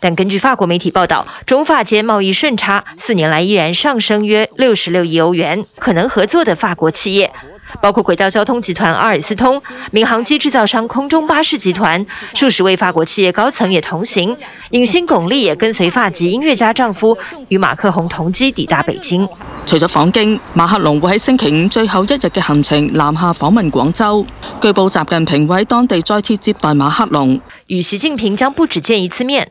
但根據法國媒體報道，中法間貿易順差四年來依然上升約六十六億歐元。可能合作的法國企業包括軌道交通集團阿爾斯通、民航機製造商空中巴士集團。數十位法國企業高層也同行。影星鞏俐也跟隨法籍音樂家丈夫與馬克宏同機抵達北京。除咗訪京，馬克龍會喺星期五最後一日嘅行程南下訪問廣州。據報，習近平會喺當地再次接待馬克龍，與習近平將不止見一次面。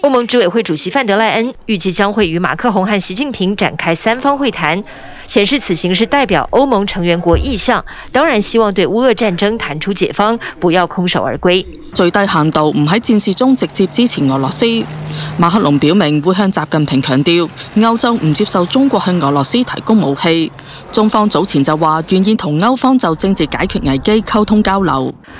歐盟執委會主席范德賴恩預計將會與馬克宏和習近平展開三方會談，顯示此行是代表歐盟成員國意向，當然希望對烏俄戰爭談出解方，不要空手而歸。最低限度唔喺戰事中直接支持俄羅斯，馬克龍表明會向習近平強調，歐洲唔接受中國向俄羅斯提供武器。中方早前就話願意同歐方就政治解決危機溝通交流。